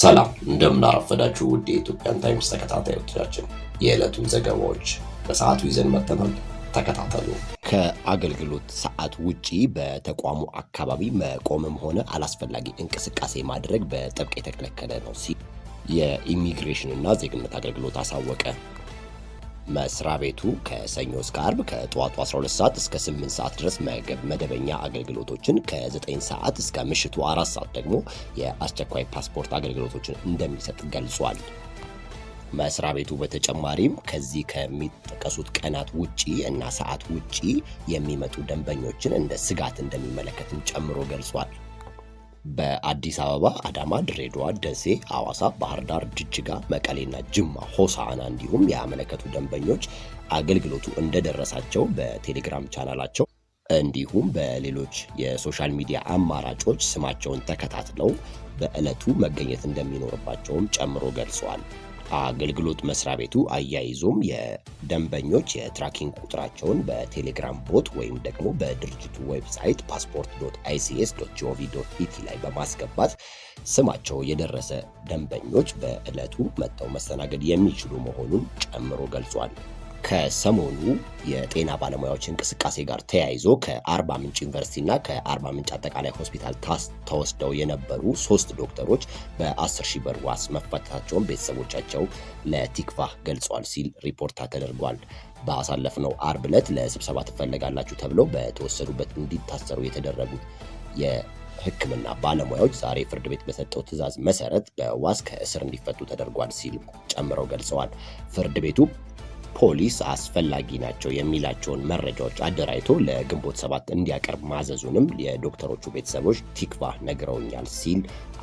ሰላም እንደምናረፈዳችሁ ውድ የኢትዮጵያን ታይምስ ተከታታዮቻችን፣ የዕለቱን ዘገባዎች በሰዓቱ ይዘን መጥተናል። ተከታተሉ። ከአገልግሎት ሰዓት ውጪ በተቋሙ አካባቢ መቆምም ሆነ አላስፈላጊ እንቅስቃሴ ማድረግ በጥብቅ የተከለከለ ነው ሲል የኢሚግሬሽንና ዜግነት አገልግሎት አሳወቀ። መስሪያ ቤቱ ከሰኞ እስከ አርብ ከጠዋቱ 12 ሰዓት እስከ 8 ሰዓት ድረስ መደበኛ አገልግሎቶችን ከ9 ሰዓት እስከ ምሽቱ 4 ሰዓት ደግሞ የአስቸኳይ ፓስፖርት አገልግሎቶችን እንደሚሰጥ ገልጿል። መስሪያ ቤቱ በተጨማሪም ከዚህ ከሚጠቀሱት ቀናት ውጪ እና ሰዓት ውጪ የሚመጡ ደንበኞችን እንደ ስጋት እንደሚመለከትም ጨምሮ ገልጿል። በአዲስ አበባ፣ አዳማ፣ ድሬዳዋ፣ ደሴ፣ አዋሳ፣ ባህር ዳር፣ ጅጅጋ፣ መቀሌና ጅማ ሆሳዕና እንዲሁም ያመለከቱ ደንበኞች አገልግሎቱ እንደደረሳቸው በቴሌግራም ቻናላቸው እንዲሁም በሌሎች የሶሻል ሚዲያ አማራጮች ስማቸውን ተከታትለው በዕለቱ መገኘት እንደሚኖርባቸውም ጨምሮ ገልጿል። አገልግሎት መስሪያ ቤቱ አያይዞም የደንበኞች የትራኪንግ ቁጥራቸውን በቴሌግራም ቦት ወይም ደግሞ በድርጅቱ ዌብሳይት ፓስፖርት ዶት አይሲኤስ ዶት ጂኦቪ ዶት ኢቲ ላይ በማስገባት ስማቸው የደረሰ ደንበኞች በዕለቱ መጥተው መስተናገድ የሚችሉ መሆኑን ጨምሮ ገልጿል። ከሰሞኑ የጤና ባለሙያዎች እንቅስቃሴ ጋር ተያይዞ ከአርባ ምንጭ ዩኒቨርሲቲና ከአርባ ምንጭ አጠቃላይ ሆስፒታል ተወስደው የነበሩ ሶስት ዶክተሮች በአስር ሺህ ብር ዋስ መፈታታቸውን ቤተሰቦቻቸው ለቲክቫ ገልጿል ሲል ሪፖርት ተደርጓል። ባሳለፍነው አርብ ዕለት ለስብሰባ ትፈለጋላችሁ ተብለው በተወሰዱበት እንዲታሰሩ የተደረጉት የሕክምና ባለሙያዎች ዛሬ ፍርድ ቤት በሰጠው ትዕዛዝ መሰረት በዋስ ከእስር እንዲፈቱ ተደርጓል ሲል ጨምረው ገልጸዋል። ፍርድ ቤቱ ፖሊስ አስፈላጊ ናቸው የሚላቸውን መረጃዎች አደራጅቶ ለግንቦት ሰባት እንዲያቀርብ ማዘዙንም የዶክተሮቹ ቤተሰቦች ቲክቫ ነግረውኛል ሲል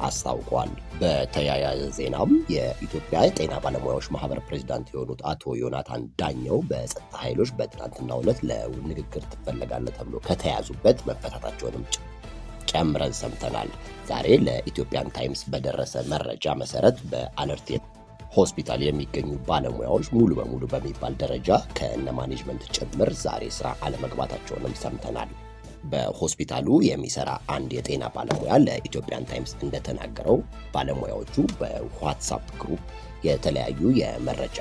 አስታውቋል። በተያያዘ ዜናም የኢትዮጵያ የጤና ባለሙያዎች ማህበር ፕሬዚዳንት የሆኑት አቶ ዮናታን ዳኘው በጸጥታ ኃይሎች በትናንትናው ዕለት ለንግግር ትፈለጋለህ ተብሎ ከተያዙበት መፈታታቸውንም ጨምረን ሰምተናል። ዛሬ ለኢትዮጵያን ታይምስ በደረሰ መረጃ መሰረት በአለርት ሆስፒታል የሚገኙ ባለሙያዎች ሙሉ በሙሉ በሚባል ደረጃ ከእነ ማኔጅመንት ጭምር ዛሬ ስራ አለመግባታቸውንም ሰምተናል። በሆስፒታሉ የሚሰራ አንድ የጤና ባለሙያ ለኢትዮጵያን ታይምስ እንደተናገረው ባለሙያዎቹ በዋትሳፕ ግሩፕ የተለያዩ የመረጃ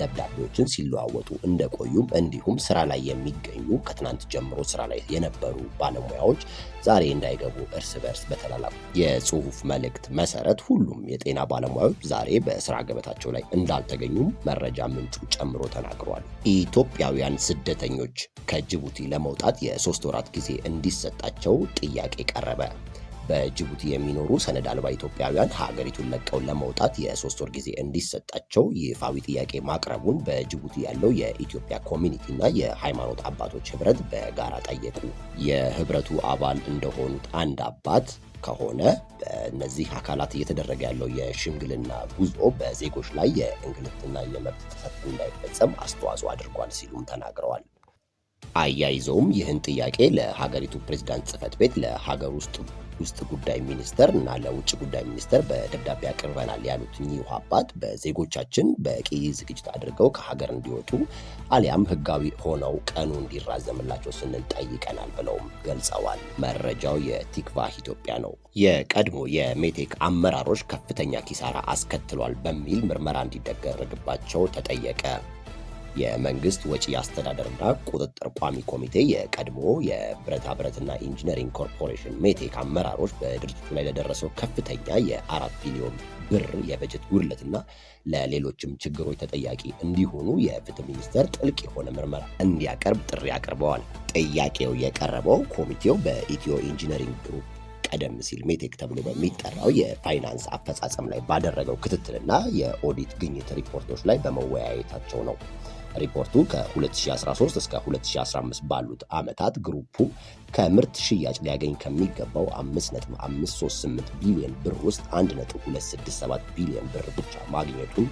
ደብዳቤዎችን ሲለዋወጡ እንደቆዩም እንዲሁም ስራ ላይ የሚገኙ ከትናንት ጀምሮ ስራ ላይ የነበሩ ባለሙያዎች ዛሬ እንዳይገቡ እርስ በርስ በተላላኩ የጽሁፍ መልእክት መሰረት ሁሉም የጤና ባለሙያዎች ዛሬ በስራ ገበታቸው ላይ እንዳልተገኙም መረጃ ምንጩ ጨምሮ ተናግሯል። ኢትዮጵያውያን ስደተኞች ከጅቡቲ ለመውጣት የሶስት ወራት ጊዜ እንዲሰጣቸው ጥያቄ ቀረበ። በጅቡቲ የሚኖሩ ሰነድ አልባ ኢትዮጵያውያን ሀገሪቱን ለቀው ለመውጣት የሶስት ወር ጊዜ እንዲሰጣቸው ይፋዊ ጥያቄ ማቅረቡን በጅቡቲ ያለው የኢትዮጵያ ኮሚኒቲና የሃይማኖት አባቶች ህብረት በጋራ ጠየቁ። የህብረቱ አባል እንደሆኑት አንድ አባት ከሆነ በእነዚህ አካላት እየተደረገ ያለው የሽምግልና ጉዞ በዜጎች ላይ የእንግልትና የመብት ጥሰት እንዳይፈጸም አስተዋጽኦ አድርጓል ሲሉም ተናግረዋል። አያይዘውም ይህን ጥያቄ ለሀገሪቱ ፕሬዝዳንት ጽህፈት ቤት ለሀገር ውስጥ ውስጥ ጉዳይ ሚኒስተር እና ለውጭ ጉዳይ ሚኒስተር በደብዳቤ አቅርበናል ያሉት እኚሁ አባት በዜጎቻችን በቂ ዝግጅት አድርገው ከሀገር እንዲወጡ አሊያም ህጋዊ ሆነው ቀኑ እንዲራዘምላቸው ስንል ጠይቀናል ብለውም ገልጸዋል። መረጃው የቲክቫህ ኢትዮጵያ ነው። የቀድሞ የሜቴክ አመራሮች ከፍተኛ ኪሳራ አስከትሏል በሚል ምርመራ እንዲደረግባቸው ተጠየቀ። የመንግስት ወጪ አስተዳደርና ቁጥጥር ቋሚ ኮሚቴ የቀድሞ የብረታ ብረትና ኢንጂነሪንግ ኮርፖሬሽን ሜቴክ አመራሮች በድርጅቱ ላይ ለደረሰው ከፍተኛ የአራት ቢሊዮን ብር የበጀት ጉድለትና ለሌሎችም ችግሮች ተጠያቂ እንዲሆኑ የፍትህ ሚኒስቴር ጥልቅ የሆነ ምርመራ እንዲያቀርብ ጥሪ አቅርበዋል። ጥያቄው የቀረበው ኮሚቴው በኢትዮ ኢንጂነሪንግ ግሩፕ ቀደም ሲል ሜቴክ ተብሎ በሚጠራው የፋይናንስ አፈጻጸም ላይ ባደረገው ክትትልና የኦዲት ግኝት ሪፖርቶች ላይ በመወያየታቸው ነው። ሪፖርቱ ከ2013 እስከ 2015 ባሉት ዓመታት ግሩፑ ከምርት ሽያጭ ሊያገኝ ከሚገባው 5.538 ቢሊዮን ብር ውስጥ 1.267 ቢሊዮን ብር ብቻ ማግኘቱን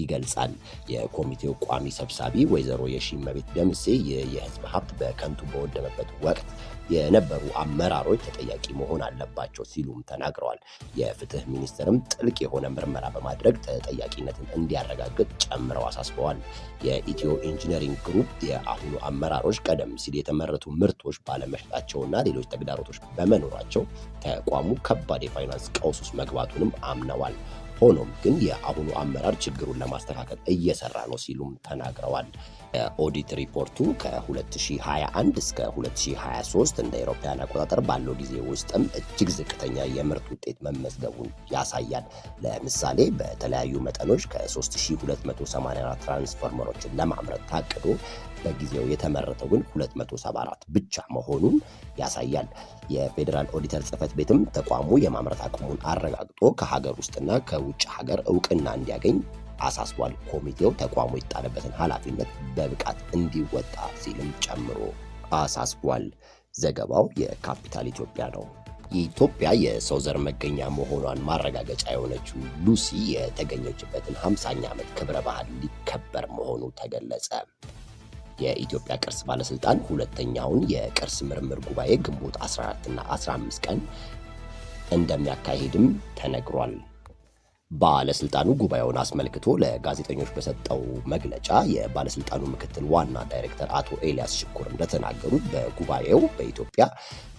ይገልጻል። የኮሚቴው ቋሚ ሰብሳቢ ወይዘሮ የሺመቤት ደምሴ የህዝብ ሀብት በከንቱ በወደመበት ወቅት የነበሩ አመራሮች ተጠያቂ መሆን አለባቸው ሲሉም ተናግረዋል። የፍትህ ሚኒስቴርም ጥልቅ የሆነ ምርመራ በማድረግ ተጠያቂነትን እንዲያረጋግጥ ጨምረው አሳስበዋል። የኢትዮ ኢንጂነሪንግ ግሩፕ የአሁኑ አመራሮች ቀደም ሲል የተመረቱ ምርቶች ባለመሸጣቸውና ሌሎች ተግዳሮቶች በመኖራቸው ተቋሙ ከባድ የፋይናንስ ቀውስ ውስጥ መግባቱንም አምነዋል። ሆኖም ግን የአሁኑ አመራር ችግሩን ለማስተካከል እየሰራ ነው ሲሉም ተናግረዋል። ኦዲት ሪፖርቱ ከ2021 እስከ 2023 እንደ አውሮፓውያን አቆጣጠር ባለው ጊዜ ውስጥም እጅግ ዝቅተኛ የምርት ውጤት መመዝገቡን ያሳያል። ለምሳሌ በተለያዩ መጠኖች ከ3284 ትራንስፎርመሮችን ለማምረት ታቅዶ በጊዜው የተመረተው ግን 274 ብቻ መሆኑን ያሳያል። የፌዴራል ኦዲተር ጽህፈት ቤትም ተቋሙ የማምረት አቅሙን አረጋግጦ ከሀገር ውስጥና ከውጭ ሀገር እውቅና እንዲያገኝ አሳስቧል። ኮሚቴው ተቋሙ የጣለበትን ኃላፊነት በብቃት እንዲወጣ ሲልም ጨምሮ አሳስቧል። ዘገባው የካፒታል ኢትዮጵያ ነው። የኢትዮጵያ የሰው ዘር መገኛ መሆኗን ማረጋገጫ የሆነችው ሉሲ የተገኘችበትን 50ኛ ዓመት ክብረ ባህል ሊከበር መሆኑ ተገለጸ። የኢትዮጵያ ቅርስ ባለስልጣን ሁለተኛውን የቅርስ ምርምር ጉባኤ ግንቦት 14 እና 15 ቀን እንደሚያካሂድም ተነግሯል። ባለስልጣኑ ጉባኤውን አስመልክቶ ለጋዜጠኞች በሰጠው መግለጫ የባለስልጣኑ ምክትል ዋና ዳይሬክተር አቶ ኤልያስ ሽኩር እንደተናገሩ በጉባኤው በኢትዮጵያ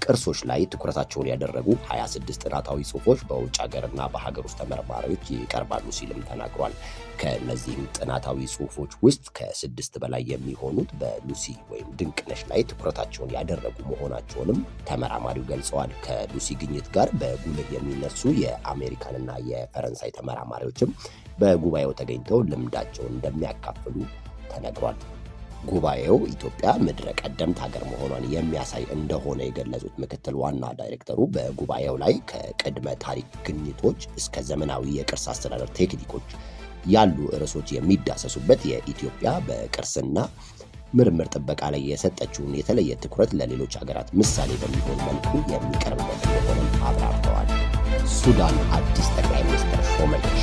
ቅርሶች ላይ ትኩረታቸውን ያደረጉ 26 ጥናታዊ ጽሁፎች በውጭ ሀገርና በሀገር ውስጥ ተመርማሪዎች ይቀርባሉ ሲልም ተናግሯል። ከእነዚህም ጥናታዊ ጽሁፎች ውስጥ ከስድስት በላይ የሚሆኑት በሉሲ ወይም ድንቅነሽ ላይ ትኩረታቸውን ያደረጉ መሆናቸውንም ተመራማሪው ገልጸዋል። ከሉሲ ግኝት ጋር በጉልህ የሚነሱ የአሜሪካንና የፈረንሳይ ተመራማሪዎችም በጉባኤው ተገኝተው ልምዳቸውን እንደሚያካፍሉ ተነግሯል። ጉባኤው ኢትዮጵያ ምድረ ቀደምት ሀገር መሆኗን የሚያሳይ እንደሆነ የገለጹት ምክትል ዋና ዳይሬክተሩ በጉባኤው ላይ ከቅድመ ታሪክ ግኝቶች እስከ ዘመናዊ የቅርስ አስተዳደር ቴክኒኮች ያሉ ርዕሶች የሚዳሰሱበት የኢትዮጵያ በቅርስና ምርምር ጥበቃ ላይ የሰጠችውን የተለየ ትኩረት ለሌሎች ሀገራት ምሳሌ በሚሆን መልኩ የሚቀርብበት እንደሆነም አብራርተዋል። ሱዳን አዲስ ጠቅላይ ሚኒስትር ሾመች።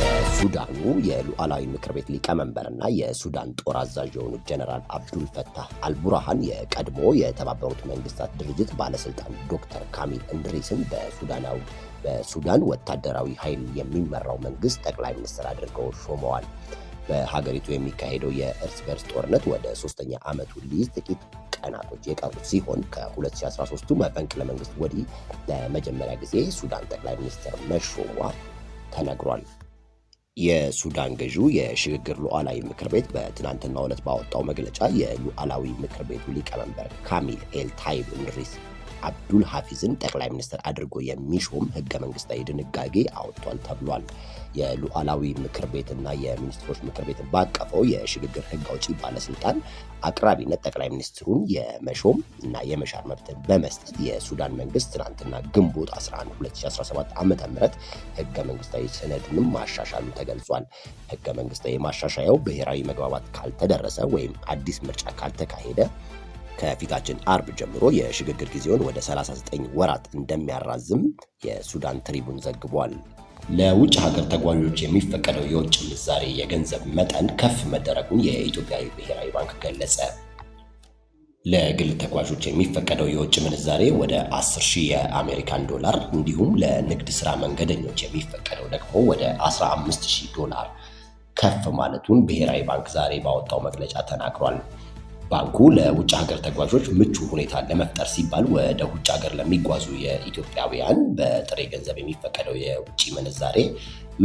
የሱዳኑ የሉዓላዊ ምክር ቤት ሊቀመንበርና የሱዳን ጦር አዛዥ የሆኑት ጀነራል አብዱል ፈታህ አልቡርሃን የቀድሞ የተባበሩት መንግስታት ድርጅት ባለስልጣን ዶክተር ካሚል እንድሪስን በሱዳናዊ በሱዳን ወታደራዊ ኃይል የሚመራው መንግስት ጠቅላይ ሚኒስትር አድርገው ሾመዋል። በሀገሪቱ የሚካሄደው የእርስ በርስ ጦርነት ወደ ሶስተኛ ዓመቱ ሊይዝ ጥቂት ቀናቶች የቀሩት ሲሆን ከ2013 መፈንቅለ መንግስት ወዲህ ለመጀመሪያ ጊዜ ሱዳን ጠቅላይ ሚኒስትር መሾሟ ተነግሯል። የሱዳን ገዢው የሽግግር ሉዓላዊ ምክር ቤት በትናንትናው ዕለት ባወጣው መግለጫ የሉዓላዊ ምክር ቤቱ ሊቀመንበር ካሚል ኤል ታይብ እንድሪስ አብዱል ሐፊዝን ጠቅላይ ሚኒስትር አድርጎ የሚሾም ህገ መንግስታዊ ድንጋጌ አወጥቷል ተብሏል። የሉዓላዊ ምክር ቤትና የሚኒስትሮች ምክር ቤት ባቀፈው የሽግግር ህግ አውጪ ባለስልጣን አቅራቢነት ጠቅላይ ሚኒስትሩን የመሾም እና የመሻር መብትን በመስጠት የሱዳን መንግስት ትናንትና ግንቦት 11 2017 ዓ ም ህገ መንግስታዊ ሰነዱንም ማሻሻሉ ተገልጿል። ህገ መንግስታዊ ማሻሻያው ብሔራዊ መግባባት ካልተደረሰ ወይም አዲስ ምርጫ ካልተካሄደ ከፊታችን አርብ ጀምሮ የሽግግር ጊዜውን ወደ 39 ወራት እንደሚያራዝም የሱዳን ትሪቡን ዘግቧል። ለውጭ ሀገር ተጓዦች የሚፈቀደው የውጭ ምንዛሬ የገንዘብ መጠን ከፍ መደረጉን የኢትዮጵያ ብሔራዊ ባንክ ገለጸ። ለግል ተጓዦች የሚፈቀደው የውጭ ምንዛሬ ወደ 10 ሺህ የአሜሪካን ዶላር እንዲሁም ለንግድ ስራ መንገደኞች የሚፈቀደው ደግሞ ወደ 15 ሺህ ዶላር ከፍ ማለቱን ብሔራዊ ባንክ ዛሬ ባወጣው መግለጫ ተናግሯል። ባንኩ ለውጭ ሀገር ተጓዦች ምቹ ሁኔታ ለመፍጠር ሲባል ወደ ውጭ ሀገር ለሚጓዙ የኢትዮጵያውያን በጥሬ ገንዘብ የሚፈቀደው የውጭ ምንዛሬ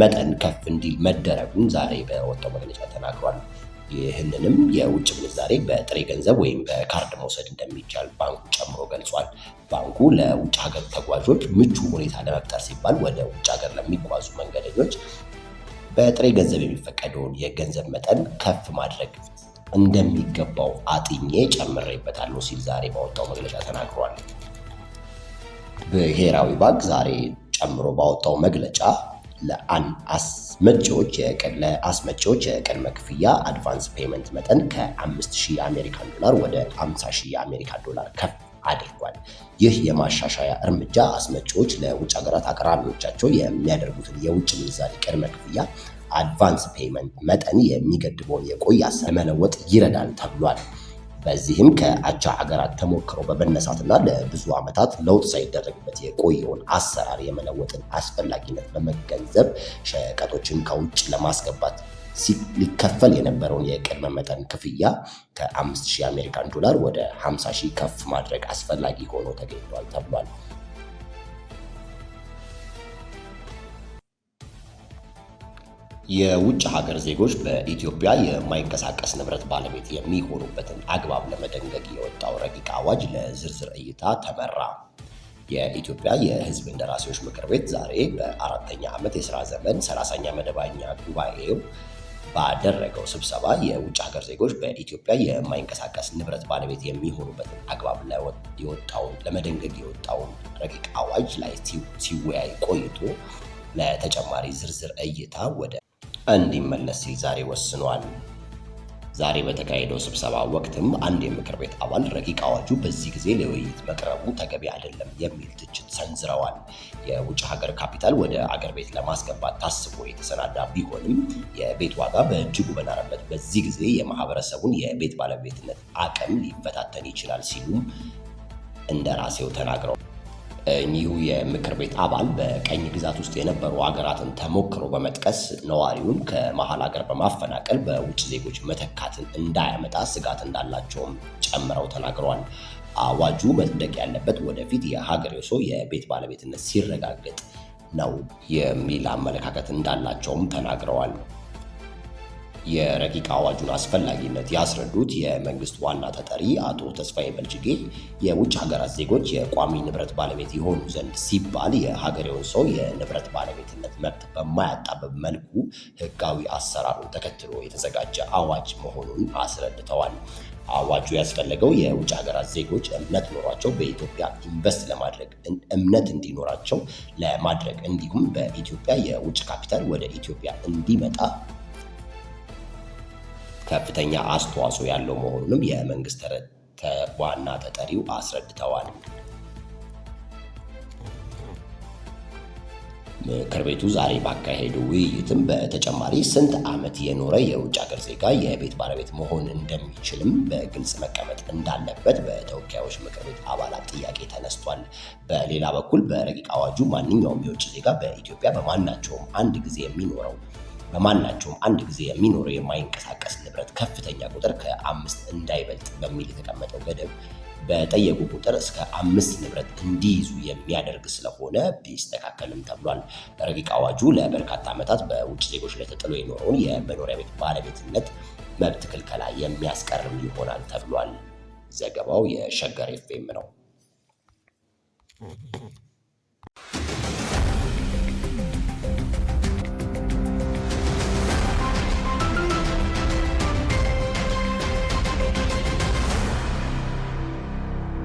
መጠን ከፍ እንዲል መደረጉን ዛሬ በወጣው መግለጫ ተናግሯል። ይህንንም የውጭ ምንዛሬ በጥሬ ገንዘብ ወይም በካርድ መውሰድ እንደሚቻል ባንኩ ጨምሮ ገልጿል። ባንኩ ለውጭ ሀገር ተጓዦች ምቹ ሁኔታ ለመፍጠር ሲባል ወደ ውጭ ሀገር ለሚጓዙ መንገደኞች በጥሬ ገንዘብ የሚፈቀደውን የገንዘብ መጠን ከፍ ማድረግ እንደሚገባው አጥኜ ጨምሬበታለሁ ሲል ዛሬ ባወጣው መግለጫ ተናግሯል። ብሔራዊ ባንክ ዛሬ ጨምሮ ባወጣው መግለጫ ለአስመጪዎች የቅድመ ክፍያ አድቫንስ ፔመንት መጠን ከ5000 የአሜሪካን ዶላር ወደ 50000 የአሜሪካን ዶላር ከፍ አድርጓል። ይህ የማሻሻያ እርምጃ አስመጪዎች ለውጭ ሀገራት አቅራቢዎቻቸው የሚያደርጉትን የውጭ ምንዛሪ ቅድመ ክፍያ አድቫንስ ፔመንት መጠን የሚገድበውን የቆየ አሰራር መለወጥ ይረዳል ተብሏል። በዚህም ከአቻ ሀገራት ተሞክሮ በመነሳትና ለብዙ ዓመታት ለውጥ ሳይደረግበት የቆየውን አሰራር የመለወጥን አስፈላጊነት በመገንዘብ ሸቀጦችን ከውጭ ለማስገባት ሊከፈል የነበረውን የቅድመ መጠን ክፍያ ከ5000 አሜሪካን ዶላር ወደ 500 ከፍ ማድረግ አስፈላጊ ሆኖ ተገኝቷል ተብሏል። የውጭ ሀገር ዜጎች በኢትዮጵያ የማይንቀሳቀስ ንብረት ባለቤት የሚሆኑበትን አግባብ ለመደንገግ የወጣው ረቂቅ አዋጅ ለዝርዝር እይታ ተመራ። የኢትዮጵያ የሕዝብ እንደራሴዎች ምክር ቤት ዛሬ በአራተኛ ዓመት የሥራ ዘመን 30ኛ መደበኛ ጉባኤው ባደረገው ስብሰባ የውጭ ሀገር ዜጎች በኢትዮጵያ የማይንቀሳቀስ ንብረት ባለቤት የሚሆኑበትን አግባብ የወጣውን ለመደንገግ የወጣውን ረቂቅ አዋጅ ላይ ሲወያይ ቆይቶ ለተጨማሪ ዝርዝር እይታ ወደ እንዲመለስ ሲል ዛሬ ወስኗል። ዛሬ በተካሄደው ስብሰባ ወቅትም አንድ የምክር ቤት አባል ረቂቅ አዋጁ በዚህ ጊዜ ለውይይት መቅረቡ ተገቢ አይደለም የሚል ትችት ሰንዝረዋል። የውጭ ሀገር ካፒታል ወደ አገር ቤት ለማስገባት ታስቦ የተሰናዳ ቢሆንም የቤት ዋጋ በእጅጉ በናረበት በዚህ ጊዜ የማህበረሰቡን የቤት ባለቤትነት አቅም ሊፈታተን ይችላል ሲሉም እንደራሴው ተናግረው እኚሁ የምክር ቤት አባል በቀኝ ግዛት ውስጥ የነበሩ ሀገራትን ተሞክሮ በመጥቀስ ነዋሪውን ከመሀል ሀገር በማፈናቀል በውጭ ዜጎች መተካትን እንዳያመጣ ስጋት እንዳላቸውም ጨምረው ተናግረዋል። አዋጁ መጽደቅ ያለበት ወደፊት የሀገሬው ሰው የቤት ባለቤትነት ሲረጋገጥ ነው የሚል አመለካከት እንዳላቸውም ተናግረዋል። የረቂቅ አዋጁን አስፈላጊነት ያስረዱት የመንግስት ዋና ተጠሪ አቶ ተስፋዬ በልጅጌ የውጭ ሀገራት ዜጎች የቋሚ ንብረት ባለቤት የሆኑ ዘንድ ሲባል የሀገሬውን ሰው የንብረት ባለቤትነት መብት በማያጣበብ መልኩ ህጋዊ አሰራሩን ተከትሎ የተዘጋጀ አዋጅ መሆኑን አስረድተዋል። አዋጁ ያስፈለገው የውጭ ሀገራት ዜጎች እምነት ኖሯቸው በኢትዮጵያ ኢንቨስት ለማድረግ እምነት እንዲኖራቸው ለማድረግ እንዲሁም በኢትዮጵያ የውጭ ካፒታል ወደ ኢትዮጵያ እንዲመጣ ከፍተኛ አስተዋጽኦ ያለው መሆኑንም የመንግስት ዋና ተጠሪው አስረድተዋል። ምክር ቤቱ ዛሬ ባካሄዱ ውይይትም በተጨማሪ ስንት ዓመት የኖረ የውጭ ሀገር ዜጋ የቤት ባለቤት መሆን እንደሚችልም በግልጽ መቀመጥ እንዳለበት በተወካዮች ምክር ቤት አባላት ጥያቄ ተነስቷል። በሌላ በኩል በረቂቅ አዋጁ ማንኛውም የውጭ ዜጋ በኢትዮጵያ በማናቸውም አንድ ጊዜ የሚኖረው በማናቸውም አንድ ጊዜ የሚኖረው የማይንቀሳቀስ ንብረት ከፍተኛ ቁጥር ከአምስት እንዳይበልጥ በሚል የተቀመጠው ገደብ በጠየቁ ቁጥር እስከ አምስት ንብረት እንዲይዙ የሚያደርግ ስለሆነ ቢስተካከልም ተብሏል። ረቂቅ አዋጁ ለበርካታ ዓመታት በውጭ ዜጎች ላይ ተጥሎ የኖረውን የመኖሪያ ቤት ባለቤትነት መብት ክልከላ የሚያስቀርም ይሆናል ተብሏል። ዘገባው የሸገር ኤፍኤም ነው።